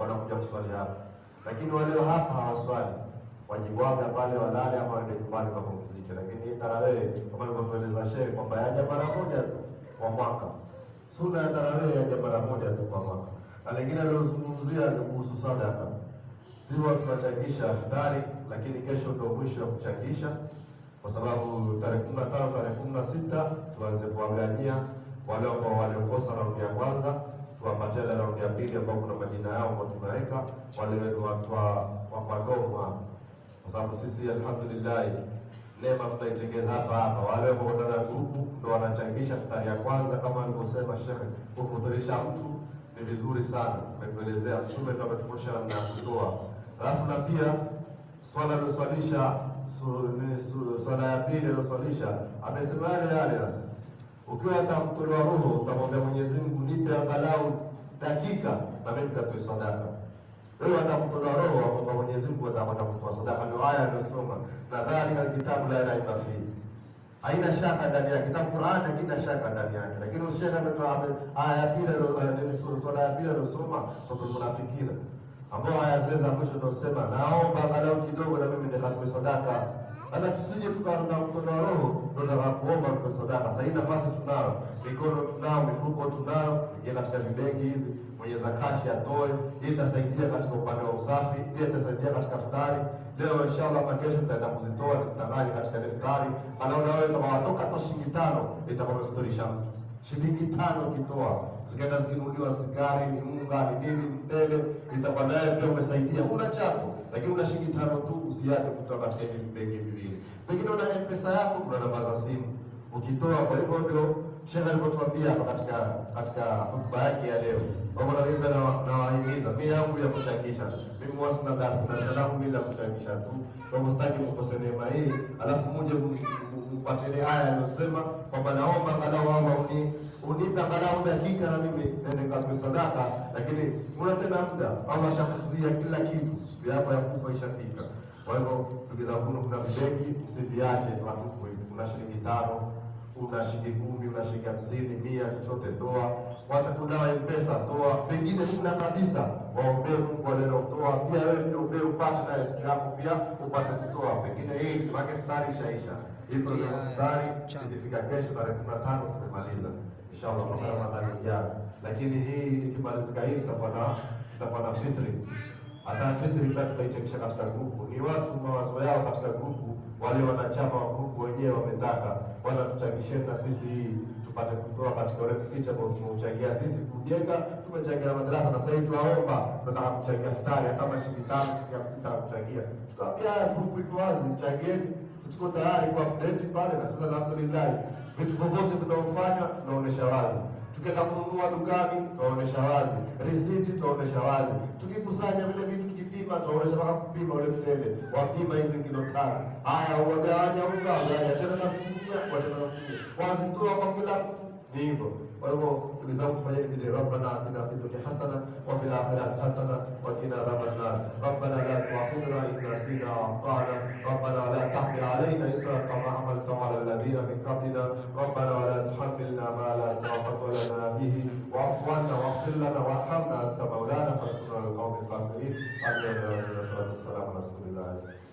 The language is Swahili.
wanakuja kuswali hapa, lakini walio hapa hawaswali, wajiwaga pale walale, ama waende nyumbani wapumzike. Lakini tarawih kama alivyotueleza shehe kwamba yaja mara moja tu kwa mwaka, sunna ya tarawih yaja mara moja tu kwa mwaka. Na lingine alilozungumzia ni kuhusu sadaka, sio tunachangisha iftari, lakini kesho ndio mwisho wa kuchangisha kwa sababu tarehe kumi na tano tarehe kumi na sita tuanze kuangalia wale ambao waliokosa raundi ya kwanza tuwapatia na raundi ya pili ambao kuna majina yao kwa tunaweka wale wakwadoma, kwa sababu sisi alhamdulillah nema tunaitengeza hapa hapa. Wale wakutana grupu ndo wanachangisha futari ya kwanza, kama alivyosema shekhe, kufutarisha mtu ni vizuri sana, umetuelezea mtume ndio ametufundisha namna ya kutoa. Alafu na pia swala liloswalisha, swala ya pili liloswalisha, amesema yale yale sasa ukiwa hata mtoto wa roho, utamwambia Mwenyezi Mungu, nipe angalau dakika na mimi nitatoa sadaka. Wewe hata mtoto wa roho, akwamba Mwenyezi Mungu atakwenda kutoa sadaka. Ndio haya aliyosoma, na dhalika alkitabu la raiba fihi, haina shaka ndani yake. Kitabu Qur'an hakina shaka ndani yake, lakini ushaka ametoa aya ya pili, sura sura ya pili aliyosoma Suratul Munafiqina, ambao aya zile za mwisho tunasema, naomba angalau kidogo na mimi nikatoe sadaka sasa tusije tukaona mkono wa roho tunataka kuomba kwa sadaka. Sasa hii nafasi tunayo, mikono tunayo, mifuko tunayo, ya katika vibegi hizi mwenye zakashi atoe, hii itasaidia katika upande wa usafi, pia itasaidia katika futari. Leo inshallah na kesho tutaenda kuzitoa nitanaje katika futari. Anaona wewe kama watoka hata shilingi tano itakostorisha mtu. Shilingi tano kitoa, zikaenda zikinunuliwa sigari, ni unga, ni nini, mtele, itakuwa naye pia umesaidia. una chako lakini una shilingi tano tu, usiache kutoa katika hivi benki viwili. Pengine una mpesa yako, kuna namba za simu ukitoa. Kwa hivyo ndio Sheikh alivyotuambia hapa katika katika hotuba yake ya leo, kwamba na mimi nawahimiza, mimi yangu ya kuchangisha, mimi wasina darasa na salamu, mimi la kuchangisha tu, kwa mstaki mkose neema hii, alafu mmoja mpatele haya aliyosema kwamba naomba angalau wao wauni unipa angalau dakika na mimi nende kwa sadaka, lakini kuna tena muda au ashakusudia kila kitu, siku yako ya kufa ishafika. Kwa hivyo, ndugu zangu, kuna vibegi msiviache watu, kuna shilingi tano una shilingi kumi, una shilingi hamsini, mia, chochote toa. Kwanza kuna mpesa toa, pengine kuna kabisa, waombee Mungu alelo Pia wewe niombee upate na siku yako pia upate kutoa, pengine hii make futari ishaisha, hivyo ndio futari ilifika. Kesho tarehe kumi na tano tumemaliza inshallah, mpaka Ramadhani ijayo, lakini hii ikimalizika hii tutakuwa na fitri Atafiti katika grupu, ni watu mawazo yao katika grupu, wale wanachama wa grupu wenyewe wametaka, wana tuchangisheni na sisi hii tupate kutoa katika ule msikiti ambao tumeuchangia sisi kujenga, tumechangia madarasa na sasa hivi tunaomba tunataka kuchangia futari, hata shilingi tano shilingi hamsini tutakuchangia. grupu iko wazi, mchangeni tuko tayari kwa update pale, na sasa alhamdulillah, vitu vyovyote tunaofanya tunaonesha wazi. Tukienda kununua dukani tunaonesha wazi, receipt, tunaonesha wazi, tukikusanya vile vitu tukipima, tunaonesha mpaka kupima ule mtende, wapima hizi kilo tano, haya wagawanya unga wagawanya tena na kwa tena na kutumia wazitoa kwa kila mtu, ni hivyo. Kwa hivyo ndugu kufanya hivi, ndio Rabbana atina fi dunya hasana wa fil akhirati hasana wa qina adhaban nar rabbana منا قال ربنا لا تحمل علينا إسرا كما حملت على الذين من قبلنا ربنا لا تحملنا ما لا طاقة لنا به واعف عنا واغفر لنا وارحمنا أنت مولانا فانصرنا للقوم الكافرين أجمعين والصلاة والسلام على رسول الله